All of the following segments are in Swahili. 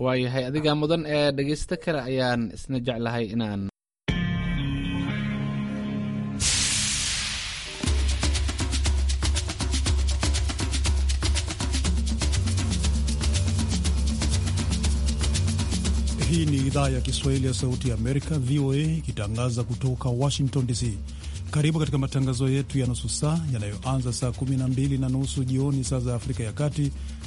waayahay adigaa mudan ee eh, dhegeysto kale ayaan isna jeclahay inaan Hii ni idhaa ya Kiswahili ya Sauti ya Amerika, VOA, ikitangaza kutoka Washington DC. Karibu katika matangazo yetu ya nusu saa yanayoanza saa 12 na nusu jioni saa za Afrika ya Kati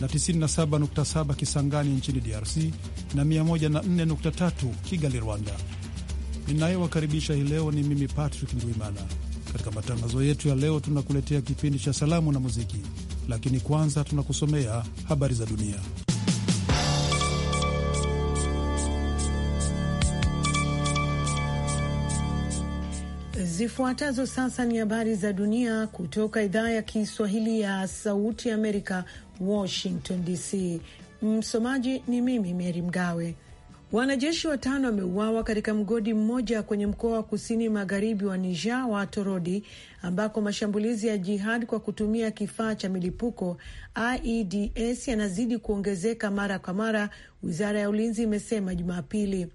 na 97.7 Kisangani nchini DRC na 104.3 Kigali, Rwanda. Ninayowakaribisha hii leo ni mimi Patrick Ndwimana. Katika matangazo yetu ya leo, tunakuletea kipindi cha salamu na muziki, lakini kwanza tunakusomea habari za dunia. Zifuatazo sasa ni habari za dunia kutoka idhaa ya Kiswahili ya Sauti Amerika, Washington DC. Msomaji ni mimi Meri Mgawe. Wanajeshi watano wameuawa katika mgodi mmoja kwenye mkoa wa kusini magharibi wa Niger wa Torodi, ambako mashambulizi ya jihad kwa kutumia kifaa cha milipuko IEDs yanazidi kuongezeka mara kwa mara, wizara ya ulinzi imesema Jumapili.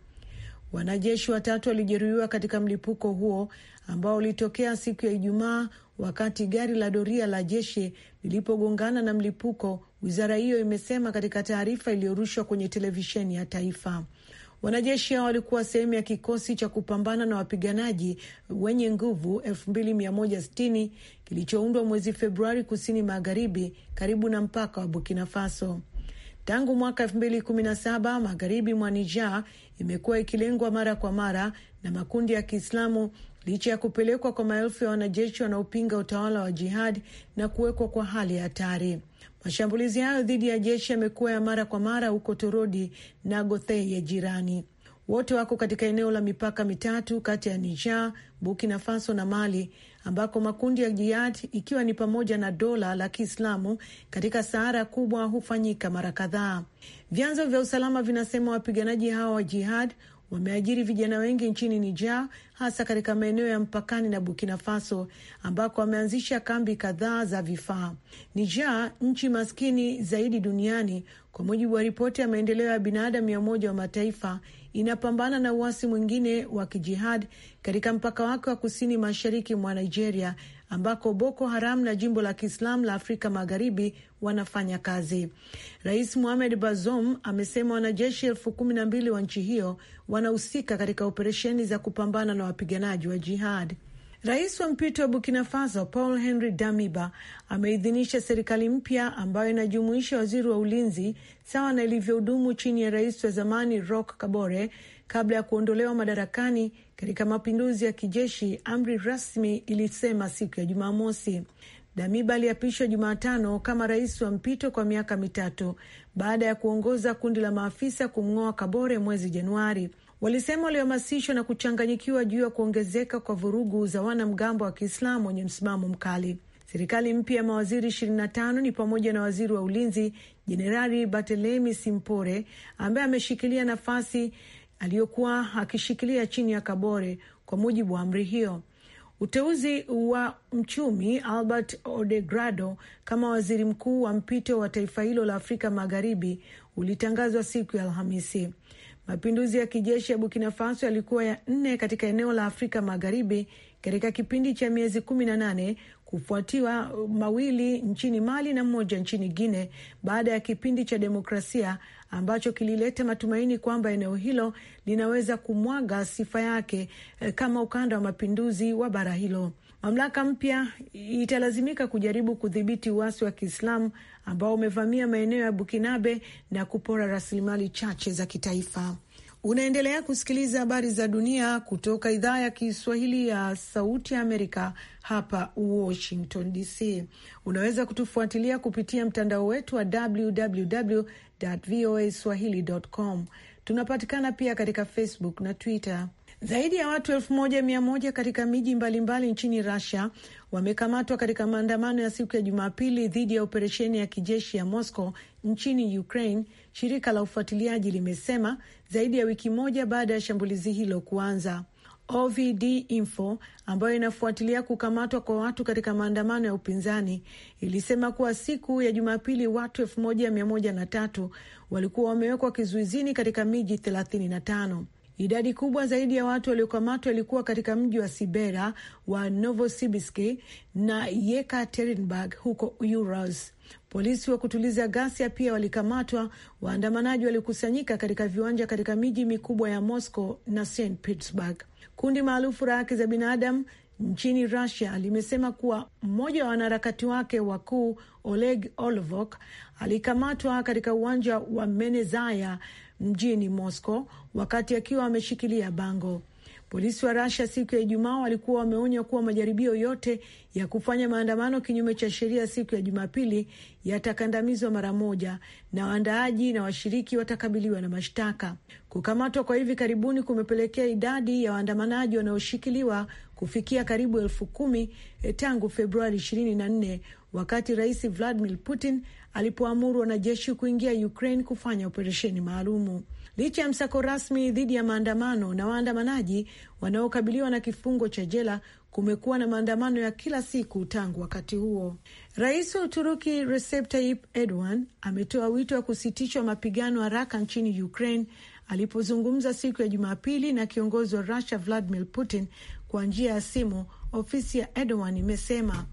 Wanajeshi watatu walijeruhiwa katika mlipuko huo ambao ulitokea siku ya Ijumaa wakati gari la doria la jeshi lilipogongana na mlipuko, wizara hiyo imesema katika taarifa iliyorushwa kwenye televisheni ya taifa. Wanajeshi hao walikuwa sehemu ya kikosi cha kupambana na wapiganaji wenye nguvu 2160 kilichoundwa mwezi Februari kusini magharibi karibu na mpaka wa Burkina Faso. Tangu mwaka 2017 magharibi mwa Niger imekuwa ikilengwa mara kwa mara na makundi ya Kiislamu licha ya kupelekwa kwa maelfu ya wanajeshi wanaopinga utawala wa jihadi na kuwekwa kwa hali ya hatari. Mashambulizi hayo dhidi ya jeshi yamekuwa ya mara kwa mara huko Torodi na Gothei ya jirani. Wote wako katika eneo la mipaka mitatu kati ya Niger, Burkina Faso na Mali, ambako makundi ya jihad ikiwa ni pamoja na dola la Kiislamu katika Sahara kubwa hufanyika mara kadhaa. Vyanzo vya usalama vinasema wapiganaji hawa wa jihad wameajiri vijana wengi nchini Niger, hasa katika maeneo ya mpakani na Burkina Faso, ambako wameanzisha kambi kadhaa za vifaa. Niger, nchi maskini zaidi duniani kwa mujibu wa ripoti ya maendeleo ya binadamu ya Umoja wa Mataifa, inapambana na uasi mwingine wa kijihad katika mpaka wake wa kusini mashariki mwa Nigeria ambako Boko Haram na jimbo la Kiislamu la Afrika Magharibi wanafanya kazi. Rais Mohamed Bazoum amesema wanajeshi elfu kumi na mbili wa nchi hiyo wanahusika katika operesheni za kupambana na wapiganaji wa jihad. Rais wa mpito wa Burkina Faso Paul Henry Damiba ameidhinisha serikali mpya ambayo inajumuisha waziri wa ulinzi sawa na ilivyohudumu chini ya rais wa zamani Roch Kabore kabla ya kuondolewa madarakani katika mapinduzi ya kijeshi, amri rasmi ilisema siku ya Jumamosi. Damiba aliapishwa Jumatano kama rais wa mpito kwa miaka mitatu baada ya kuongoza kundi la maafisa kumng'oa Kabore mwezi Januari. Walisema walihamasishwa na kuchanganyikiwa juu ya kuongezeka kwa vurugu za wanamgambo wa Kiislamu wenye msimamo mkali. Serikali mpya ya mawaziri 25 ni pamoja na waziri wa ulinzi Jenerali Batelemi Simpore ambaye ameshikilia nafasi aliyokuwa akishikilia chini ya Kabore, kwa mujibu wa amri hiyo. Uteuzi wa mchumi Albert Odegrado kama waziri mkuu wa mpito wa taifa hilo la Afrika Magharibi ulitangazwa siku ya Alhamisi. Mapinduzi ya kijeshi ya Burkina Faso yalikuwa ya nne katika eneo la Afrika Magharibi katika kipindi cha miezi kumi na nane kufuatiwa mawili nchini Mali na mmoja nchini Guine baada ya kipindi cha demokrasia ambacho kilileta matumaini kwamba eneo hilo linaweza kumwaga sifa yake eh, kama ukanda wa mapinduzi wa bara hilo. Mamlaka mpya italazimika kujaribu kudhibiti uasi wa Kiislamu ambao umevamia maeneo ya Bukinabe na kupora rasilimali chache za kitaifa. Unaendelea kusikiliza habari za dunia kutoka idhaa ya Kiswahili ya Sauti ya Amerika hapa Washington DC. Unaweza kutufuatilia kupitia mtandao wetu wa www voa swahili.com. Tunapatikana pia katika Facebook na Twitter. Zaidi ya watu elfu moja mia moja katika miji mbalimbali nchini Russia wamekamatwa katika maandamano ya siku ya Jumapili dhidi ya operesheni ya kijeshi ya Moscow nchini Ukraine, shirika la ufuatiliaji limesema zaidi ya wiki moja baada ya shambulizi hilo kuanza. OVD Info ambayo inafuatilia kukamatwa kwa watu katika maandamano ya upinzani ilisema kuwa siku ya Jumapili watu elfu moja mia moja na tatu walikuwa wamewekwa kizuizini katika miji tano. Idadi kubwa zaidi ya watu waliokamatwa ilikuwa katika mji wa Sibera wa Novosibirsk na Yekaterinburg huko Urals. Polisi wa kutuliza ghasia pia walikamatwa. Waandamanaji walikusanyika katika viwanja katika miji mikubwa ya Moscow na St Petersburg. Kundi maarufu la haki za binadamu nchini Russia limesema kuwa mmoja wa wanaharakati wake wakuu Oleg Olovok alikamatwa katika uwanja wa Menezaya mjini Moscow wakati akiwa ameshikilia bango. Polisi wa rasia siku ya Ijumaa walikuwa wameonya kuwa majaribio yote ya kufanya maandamano kinyume cha sheria siku ya Jumapili yatakandamizwa mara moja na waandaaji na washiriki watakabiliwa na mashtaka. Kukamatwa kwa hivi karibuni kumepelekea idadi ya waandamanaji wanaoshikiliwa kufikia karibu elfu kumi eh, tangu Februari 24 wakati Rais Vladimir Putin alipoamuru wanajeshi kuingia Ukraine kufanya operesheni maalumu. Licha ya msako rasmi dhidi ya maandamano na waandamanaji wanaokabiliwa na kifungo cha jela, kumekuwa na maandamano ya kila siku tangu wakati huo. Rais wa Uturuki Recep Tayyip Erdogan ametoa wito wa kusitishwa mapigano haraka nchini Ukraine alipozungumza siku ya Jumapili na kiongozi wa Russia Vladimir Putin kwa njia ya simu. Ofisi ya Erdogan imesema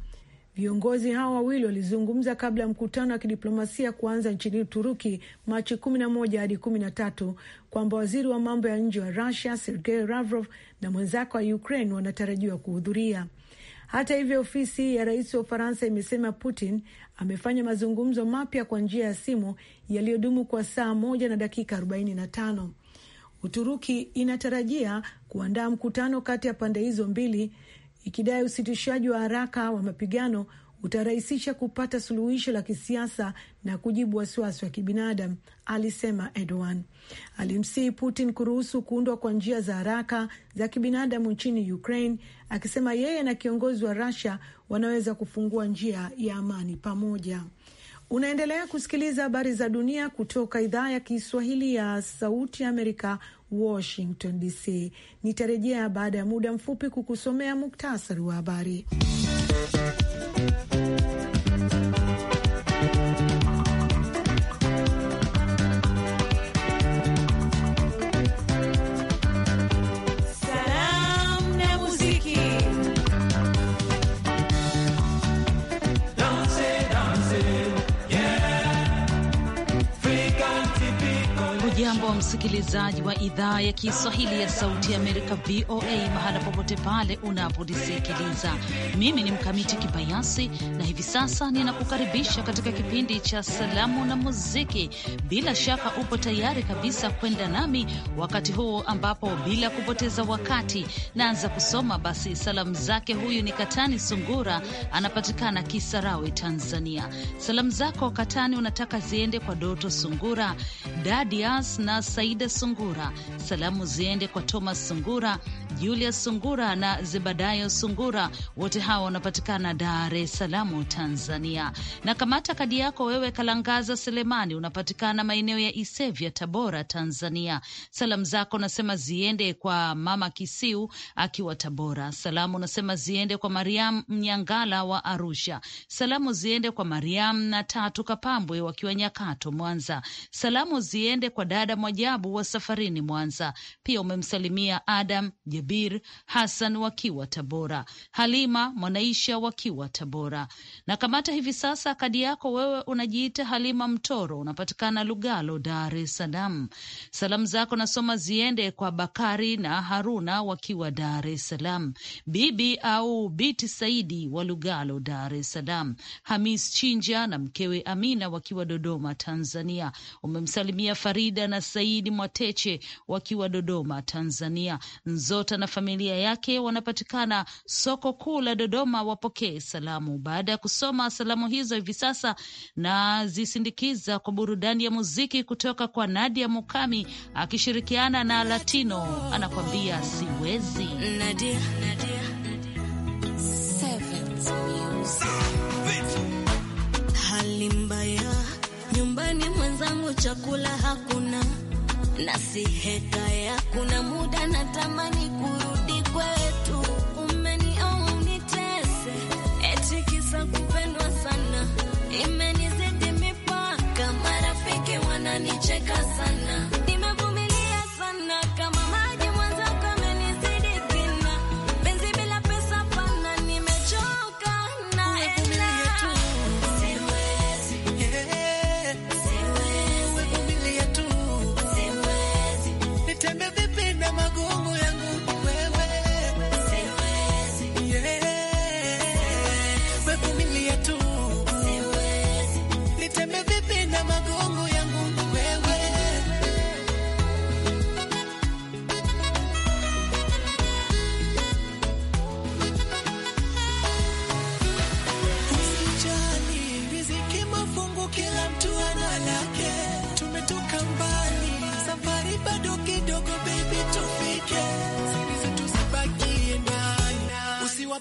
Viongozi hao wawili walizungumza kabla ya mkutano wa kidiplomasia kuanza nchini Uturuki Machi 11 hadi 13 kwamba waziri wa mambo ya nje wa Rusia Sergei Lavrov na mwenzake wa Ukraine wanatarajiwa kuhudhuria. Hata hivyo, ofisi ya rais wa Ufaransa imesema Putin amefanya mazungumzo mapya kwa njia ya simu yaliyodumu kwa saa moja na dakika 45. Uturuki inatarajia kuandaa mkutano kati ya pande hizo mbili ikidai usitishaji wa haraka wa mapigano utarahisisha kupata suluhisho la kisiasa na kujibu wasiwasi wa kibinadamu, alisema Erdogan. Alimsihi Putin kuruhusu kuundwa kwa njia za haraka za kibinadamu nchini Ukraine, akisema yeye na kiongozi wa Russia wanaweza kufungua njia ya amani pamoja. Unaendelea kusikiliza habari za dunia kutoka idhaa ya Kiswahili ya Sauti ya Amerika, Washington DC. Nitarejea baada ya muda mfupi kukusomea muktasari wa habari. wa msikilizaji wa idhaa ya Kiswahili ya Sauti ya Amerika, VOA, mahala popote pale unapojisikiliza. Mimi ni Mkamiti Kibayasi na hivi sasa ninakukaribisha katika kipindi cha Salamu na Muziki. Bila shaka upo tayari kabisa kwenda nami wakati huu ambapo bila kupoteza wakati naanza kusoma basi salamu zake. Huyu ni Katani Sungura, anapatikana Kisarawe, Tanzania. Salamu zako Katani unataka ziende kwa Doto Sungura, Dadias na Saida Sungura. Salamu ziende kwa Thomas Sungura, Julius Sungura na Zebadayo Sungura, wote hawa wanapatikana Dar es Salaam, Tanzania. Na kamata kadi yako wewe, Kalangaza Selemani, unapatikana maeneo ya Isevya, Tabora, Tanzania. Salamu zako nasema ziende kwa mama Kisiu akiwa Tabora. Salamu nasema ziende kwa Mariam Mnyangala wa Arusha. Salamu ziende kwa Mariam na Tatu Kapambwe wakiwa Nyakato, Mwanza. Salamu ziende kwa dada Mwajabu wa safarini Mwanza. Pia umemsalimia Adam Jabir Hassan wakiwa Tabora, Halima Mwanaisha wakiwa Tabora. Na kamata hivi sasa kadi yako wewe, unajiita Halima Mtoro, unapatikana Lugalo, Dar es Salaam. Salamu zako nasoma ziende kwa Bakari na Haruna wakiwa Dar es Salaam, bibi au biti Saidi wa Lugalo, Dar es Salaam, Hamis Chinja na mkewe Amina wakiwa Dodoma, Tanzania. Umemsalimia Farida na Saidi Mwateche wakiwa Dodoma, Tanzania. Nzoto Nyota na familia yake wanapatikana soko kuu la Dodoma. Wapokee salamu. Baada ya kusoma salamu hizo, hivi sasa na zisindikiza kwa burudani ya muziki kutoka kwa Nadia Mukami akishirikiana na Latino anakwambia siwezi Nadia, Nadia. Hali mbaya nyumbani, mwenzangu chakula hakuna na si heta ya kuna muda natamani kurudi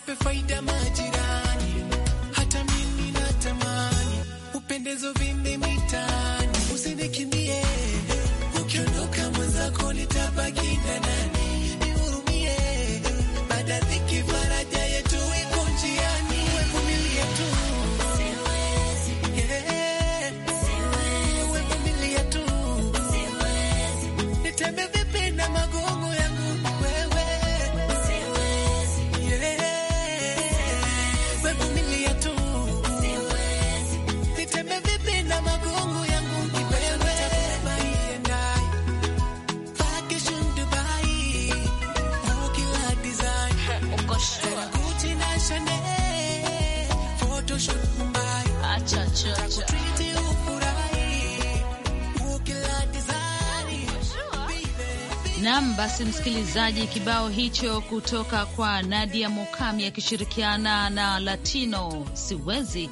wape faida majirani, hata mimi natamani upendezo vinde mitani. Usinikimbie, ukiondoka mwenzako nitabaki na nani? Nam, basi msikilizaji, kibao hicho kutoka kwa Nadia Mukami akishirikiana na Latino siwezi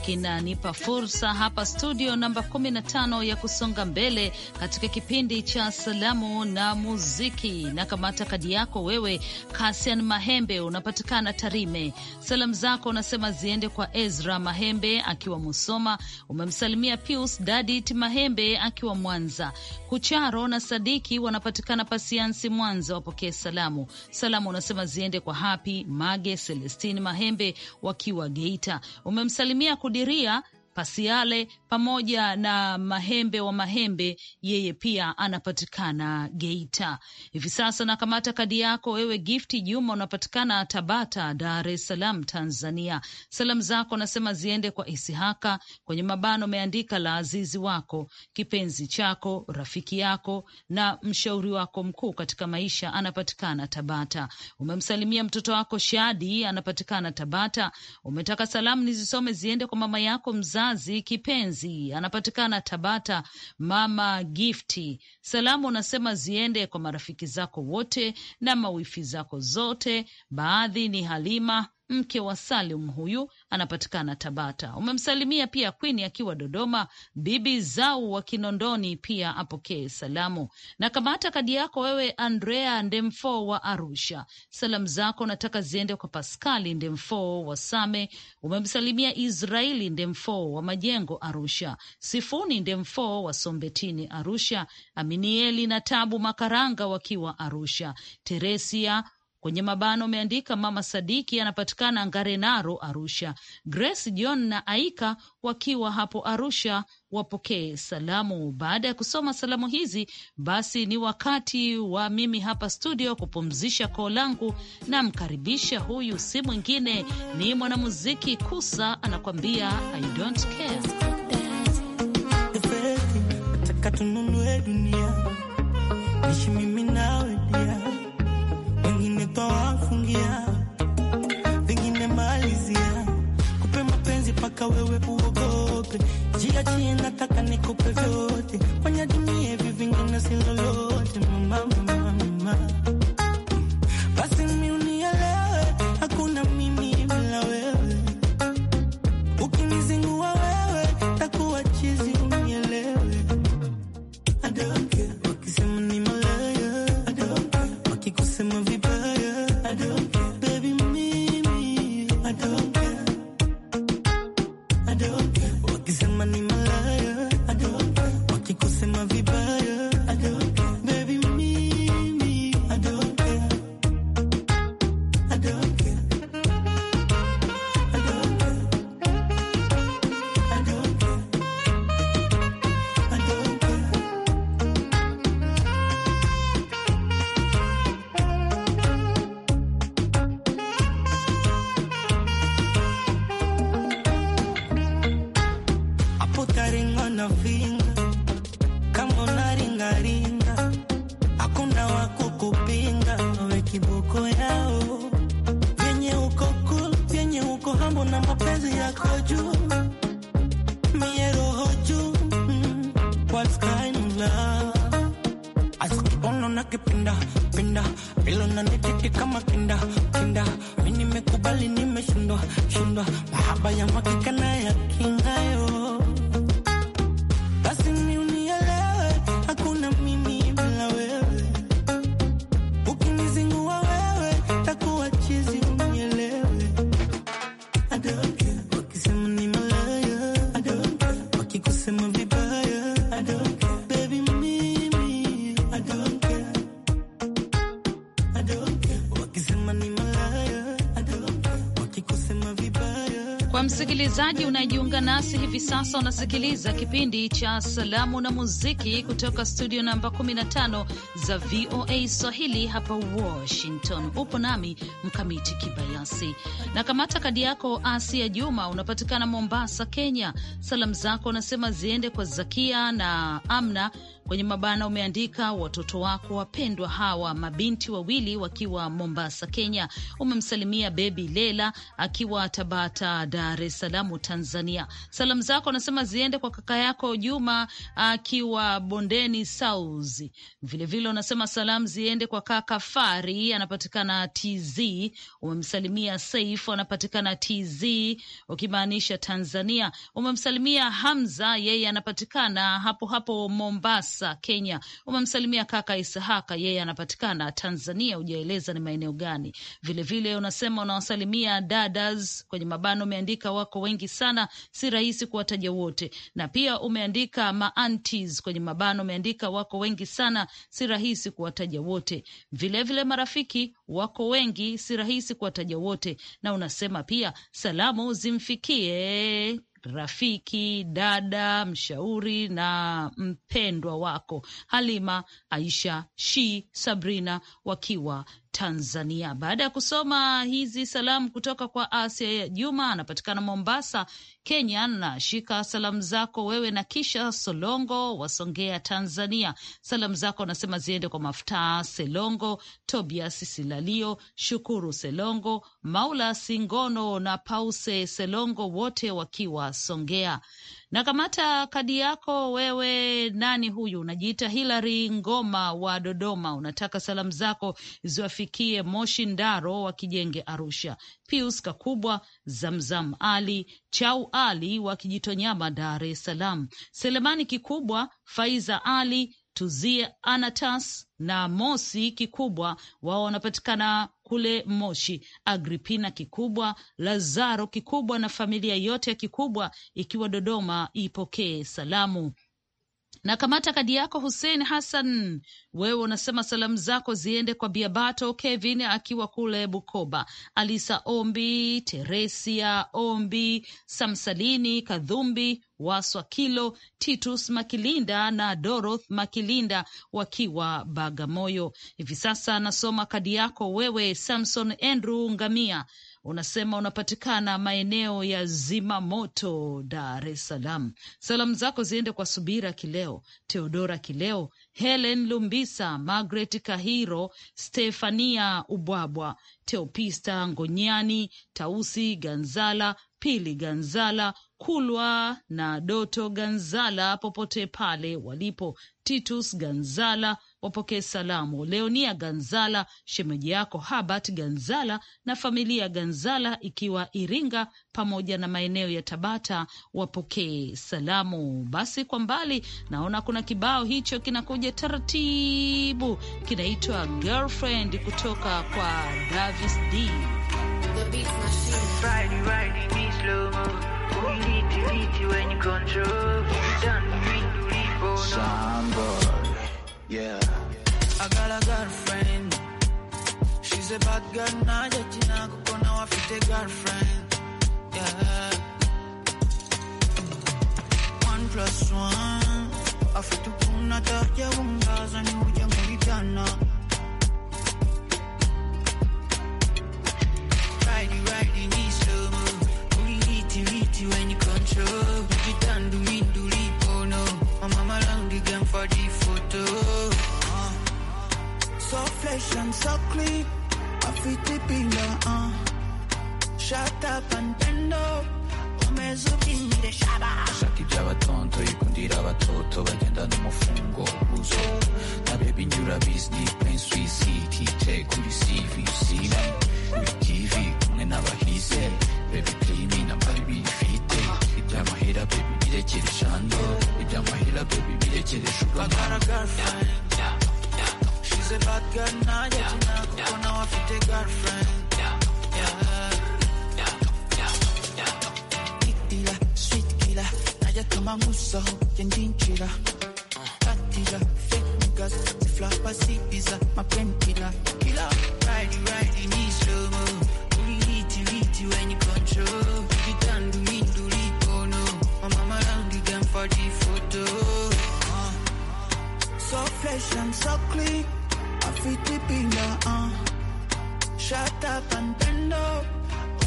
kinanipa fursa hapa studio namba 15 ya kusonga mbele katika kipindi cha salamu na muziki. Na kamata kadi yako wewe, Kasian Mahembe, unapatikana Tarime. Salamu zako unasema ziende kwa Ezra Mahembe akiwa Musoma, umemsalimia Pius Dadit Mahembe akiwa Mwanza, Kucharo na Sadiki wanapatikana Pasiansi Mwanza, wapokee salamu. Salamu unasema ziende kwa Hapi Mage Celestin Mahembe wakiwa Geita, umemsalimia kudiria Pasiale pamoja na Mahembe wa Mahembe, yeye pia anapatikana Geita. Hivi sasa nakamata kadi yako wewe, Gifti Juma, unapatikana Tabata, Dar es Salaam, Tanzania. Salamu zako nasema ziende kwa Isihaka kwenye mabano, umeandika la azizi wako kipenzi chako rafiki yako na mshauri wako mkuu katika maisha, anapatikana Tabata. Umemsalimia mtoto wako Shadi, anapatikana Tabata. Umetaka salamu nizisome ziende kwa mama yako mzazi mzazi kipenzi anapatikana Tabata. Mama Gifti, salamu unasema ziende kwa marafiki zako wote na mawifi zako zote, baadhi ni Halima mke wa Salim huyu anapatikana Tabata. Umemsalimia pia kwini akiwa Dodoma, Bibi Zau wa Kinondoni pia apokee salamu, na kamata kadi yako wewe Andrea Ndemfo wa Arusha. Salamu zako nataka ziende kwa Paskali Ndemfo wa Same. Umemsalimia Israeli Ndemfo wa Majengo Arusha, Sifuni Ndemfo wa Sombetini Arusha, Aminieli na Tabu Makaranga wakiwa Arusha, Teresia kwenye mabano umeandika mama Sadiki anapatikana Ngarenaro, Arusha. Grace John na Aika wakiwa hapo Arusha wapokee salamu. Baada ya kusoma salamu hizi, basi ni wakati wa mimi hapa studio kupumzisha koo langu. Namkaribisha huyu si mwingine, ni mwanamuziki Kusa anakwambia I don't care. Nataka tununue dunia ishi mimi kuingia, vingine malizia, kupe mapenzi paka wewe uogope, jiachie, nataka nikupe vyote I know. nakipenda penda, ilo nanititi kama kinda kinda, mi nimekubali, nimeshindwa shindwa, mahaba ya mwakikana ya kingayo msikilizaji unajua kujiunga nasi hivi sasa, unasikiliza kipindi cha Salamu na Muziki kutoka studio namba 15 za VOA Swahili hapa Washington. Upo nami Mkamiti Kibayasi na kamata kadi yako. Asia Juma, unapatikana Mombasa, Kenya. Salamu zako unasema ziende kwa Zakia na Amna kwenye mabana umeandika watoto wako wapendwa hawa mabinti wawili wakiwa Mombasa, Kenya. Umemsalimia bebi Lela akiwa Tabata, Dar es Salaam, Tanzania. Tanzania. Salamu zako anasema ziende kwa kaka yako Juma uh, akiwa Bondeni Sauzi. Vilevile unasema salamu ziende kwa kaka Fari anapatikana TZ. Umemsalimia Saif anapatikana TZ, ukimaanisha Tanzania. Umemsalimia Hamza, yeye anapatikana hapo hapo Mombasa, Kenya. Umemsalimia kaka Isahaka, yeye anapatikana Tanzania, ujaeleza ni maeneo gani. Vilevile unasema unawasalimia dadas kwenye mabano, umeandika wako wengi sana si rahisi kuwataja wote, na pia umeandika maantis kwenye mabano, umeandika wako wengi sana, si rahisi kuwataja wote. Vilevile vile marafiki wako wengi, si rahisi kuwataja wote, na unasema pia salamu zimfikie rafiki, dada, mshauri na mpendwa wako Halima, Aisha, Shi, Sabrina wakiwa Tanzania. Baada ya kusoma hizi salamu kutoka kwa Asia ya Juma, anapatikana Mombasa, Kenya. Nashika salamu zako wewe na kisha Solongo wasongea Tanzania. Salamu zako anasema ziende kwa mafutaa Selongo, Tobias Silalio, Shukuru Selongo, Maula Singono na Pause Selongo, wote wakiwa Songea na kamata kadi yako wewe. Nani huyu? Unajiita Hilary Ngoma wa Dodoma, unataka salamu zako ziwafikie Moshi Ndaro wa Kijenge Arusha, Pius Kakubwa, Zamzam Ali Chau Ali wa Kijitonyama Dar es Salaam, Selemani Kikubwa, Faiza Ali Tuzie Anatas na Mosi Kikubwa, wao wanapatikana kule Moshi, Agripina Kikubwa, Lazaro Kikubwa na familia yote ya Kikubwa ikiwa Dodoma, ipokee salamu na kamata kadi yako Hussein Hassan, wewe unasema salamu zako ziende kwa Biabato Kevin akiwa kule Bukoba, Alisa Ombi, Teresia Ombi, Samsalini Kadhumbi, Waswakilo, Titus Makilinda na Doroth Makilinda wakiwa Bagamoyo. Hivi sasa anasoma kadi yako wewe Samson Andrew Ngamia unasema unapatikana maeneo ya Zimamoto, Dar es Salaam. Salamu zako ziende kwa Subira Kileo, Teodora Kileo, Helen Lumbisa, Margaret Kahiro, Stefania Ubwabwa, Teopista Ngonyani, Tausi Ganzala, Pili Ganzala, Kulwa na Doto Ganzala popote pale walipo, Titus Ganzala wapokee salamu Leonia Ganzala, shemeji yako Habart Ganzala na familia ya Ganzala ikiwa Iringa pamoja na maeneo ya Tabata, wapokee salamu. Basi kwa mbali naona kuna kibao hicho kinakuja taratibu, kinaitwa Girlfriend kutoka kwa Davis D. Yeah. I got a girlfriend. She's a bad girl. Now that you know, gonna fit a girlfriend. Yeah. One plus one. you I Afitukuna tarja ungaza ni uja mulitana. Ridey, ridey, ni slow mo. Uliti, riti, when you control. to Oh no, my Mama malang, digan for different. Operation so clean, my feet deep uh. Shut up and bend up. ashaka ibyo abatonto yikundira abatoto bagendana umufungo uzo na baby you're a beast. Deep in sweet city, take nyura bizni penswisiti te kuri cvc tv kumwe n'abahize baby na baby krimi nambari bifite iby'amahera baby birekere shando iby'amahera baby birekere shuka She's a bad girl now, yet yeah, now yeah, yeah. now I fit a girlfriend. Yeah, yeah, yeah, yeah. Big dealer, you come and move fake niggas, the flopper, see pizza, my pen killer. Killer, ride you, ride in me slow mo. Only hit you, hit you when control. You can do me, do it, oh no. My mama round again for the photo. Uh. So fresh and so clean. Fitipina, uh. Shut up and bend up.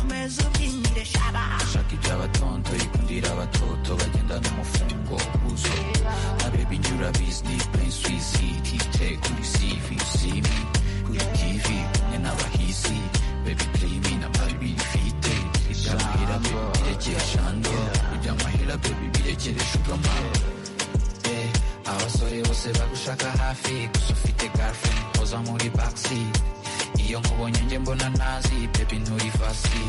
umeze shaba ashaka ibya batonto yikundira abatoto bagendana umufungo kuzo abeba inyura bizni prince city. take kuri you see me kuri tv kumwe n'abahisi baby play me na baby bifite ibya baby birekere shando ibya mahera baby de shugamaro abasore bose bagushaka hafi gusa ufite girlfriend hoza muri backseat iyo nkubonye njye mbona nazi baby nturi fasi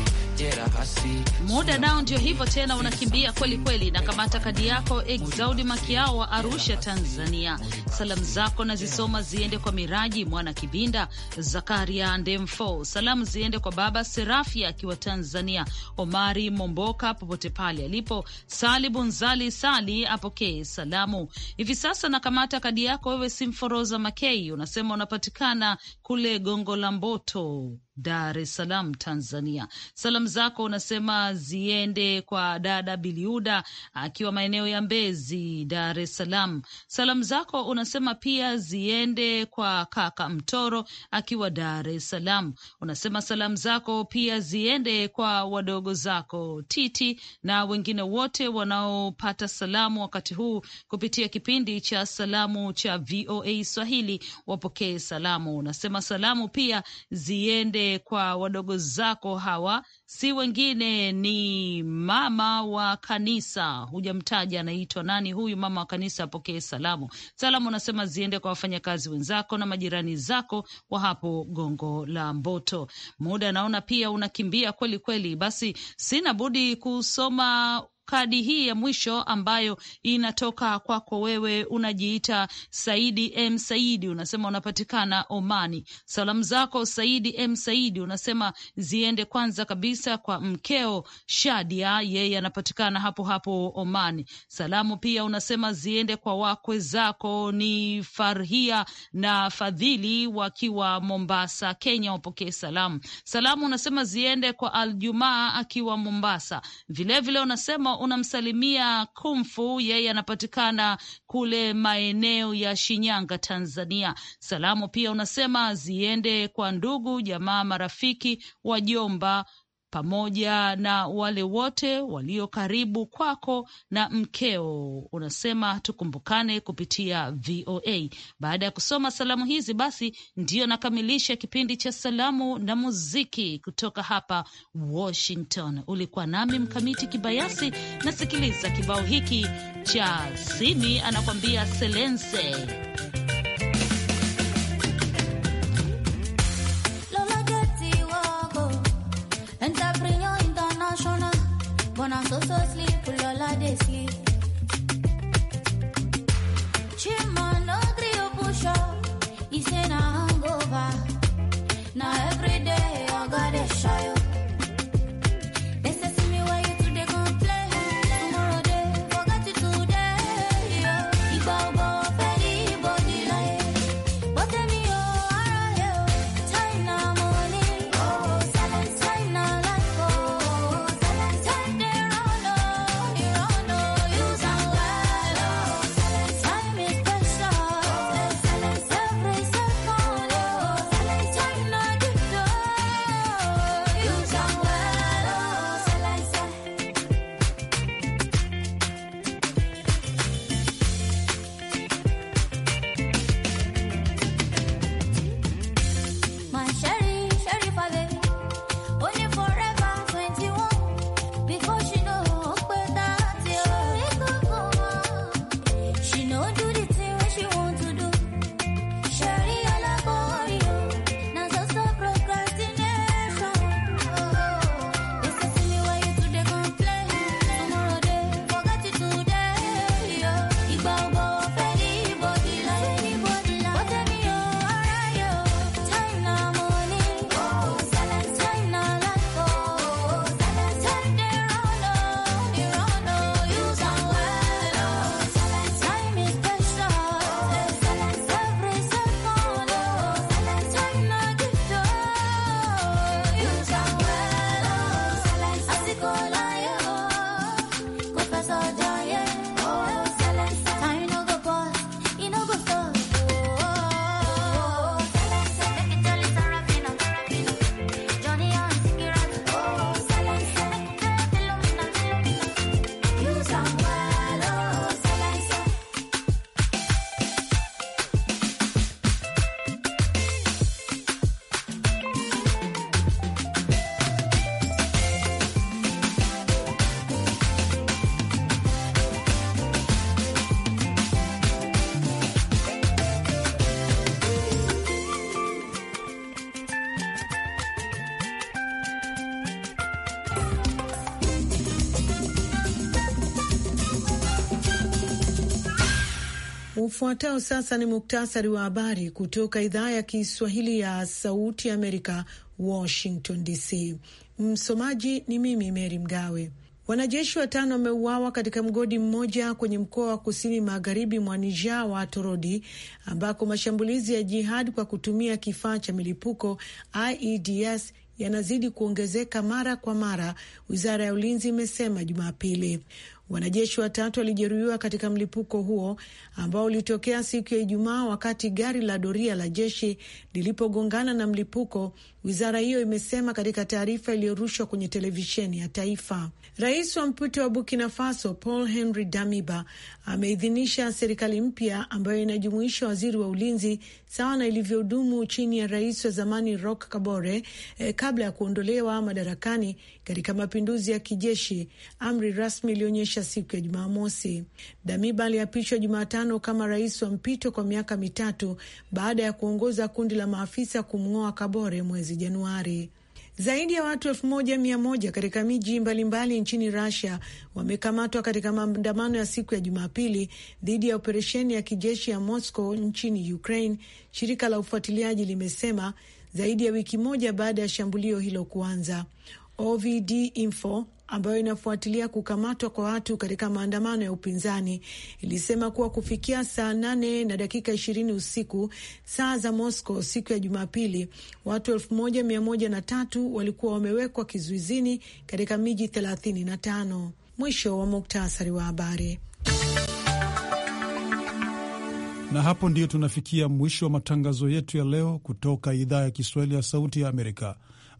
Muda nao ndio hivyo tena, unakimbia kweli kweli. Na kamata kadi yako Exaudi Makiao wa Arusha, Tanzania. Salamu zako nazisoma ziende kwa Miraji Mwana Kibinda, Zakaria Ndemfo. Salamu ziende kwa baba Serafia akiwa Tanzania, Omari Momboka popote pale alipo, Sali Bunzali Sali apokee salamu hivi sasa. Na kamata kadi yako wewe Simforoza Makei, unasema unapatikana kule Gongo la Mboto Dar es Salaam, Tanzania. Salamu zako unasema ziende kwa dada Biliuda akiwa maeneo ya Mbezi, Dar es Salaam. Salamu zako unasema pia ziende kwa kaka Mtoro akiwa Dar es Salaam. Unasema salamu zako pia ziende kwa wadogo zako Titi na wengine wote wanaopata salamu wakati huu kupitia kipindi cha salamu cha VOA Swahili, wapokee salamu. Unasema salamu pia ziende kwa wadogo zako hawa, si wengine ni mama wa kanisa. Hujamtaja anaitwa nani huyu mama wa kanisa, apokee salamu. Salamu unasema ziende kwa wafanyakazi wenzako na majirani zako wa hapo Gongo la Mboto. Muda naona pia unakimbia kweli kweli, basi sina budi kusoma kadi hii ya mwisho ambayo inatoka kwako wewe, unajiita Saidi M Saidi, unasema unapatikana Omani. Salamu zako Saidi M Saidi unasema ziende kwanza kabisa kwa mkeo Shadia, yeye anapatikana hapo hapo Omani. Salamu pia unasema ziende kwa wakwe zako ni Farhia na Fadhili wakiwa Mombasa, Kenya, wapokee salamu. Salamu unasema ziende kwa Aljumaa akiwa Mombasa vilevile, vile unasema unamsalimia Kumfu, yeye anapatikana kule maeneo ya Shinyanga, Tanzania. Salamu pia unasema ziende kwa ndugu, jamaa, marafiki, wajomba pamoja na wale wote walio karibu kwako na mkeo. Unasema tukumbukane kupitia VOA. Baada ya kusoma salamu hizi, basi ndiyo nakamilisha kipindi cha salamu na muziki kutoka hapa Washington. Ulikuwa nami Mkamiti Kibayasi, nasikiliza kibao hiki cha Simi anakwambia Selense. Ufuatao sasa ni muktasari wa habari kutoka idhaa ya Kiswahili ya Sauti Amerika, Washington DC. Msomaji ni mimi Meri Mgawe. Wanajeshi watano wameuawa katika mgodi mmoja kwenye mkoa wa kusini magharibi mwa Nija wa Torodi, ambako mashambulizi ya jihadi kwa kutumia kifaa cha milipuko IEDs yanazidi kuongezeka mara kwa mara, wizara ya ulinzi imesema Jumapili. Wanajeshi watatu walijeruhiwa katika mlipuko huo ambao ulitokea siku ya Ijumaa wakati gari la doria la jeshi lilipogongana na mlipuko wizara hiyo imesema katika taarifa iliyorushwa kwenye televisheni ya taifa. Rais wa mpito wa Burkina Faso Paul Henry Damiba ameidhinisha serikali mpya ambayo inajumuisha waziri wa ulinzi sawa na ilivyodumu chini ya rais wa zamani rok Kabore eh, kabla ya kuondolewa madarakani katika mapinduzi ya kijeshi, amri rasmi ilionyesha siku ya Jumamosi. Damiba aliapishwa Jumatano kama rais wa mpito kwa miaka mitatu baada ya kuongoza kundi la maafisa kumng'oa Kabore mwezi mwezi Januari. Zaidi ya watu elfu moja mia moja katika miji mbalimbali nchini Russia wamekamatwa katika maandamano ya siku ya Jumapili dhidi ya operesheni ya kijeshi ya Moscow nchini Ukraine, shirika la ufuatiliaji limesema zaidi ya wiki moja baada ya shambulio hilo kuanza. OVD Info ambayo inafuatilia kukamatwa kwa watu katika maandamano ya upinzani ilisema kuwa kufikia saa nane na dakika ishirini usiku saa za Moscow siku ya Jumapili, watu elfu moja mia moja na tatu walikuwa wamewekwa kizuizini katika miji thelathini na tano. Mwisho wa muktasari wa habari. Na hapo ndiyo tunafikia mwisho wa matangazo yetu ya leo kutoka idhaa ya Kiswahili ya Sauti ya Amerika.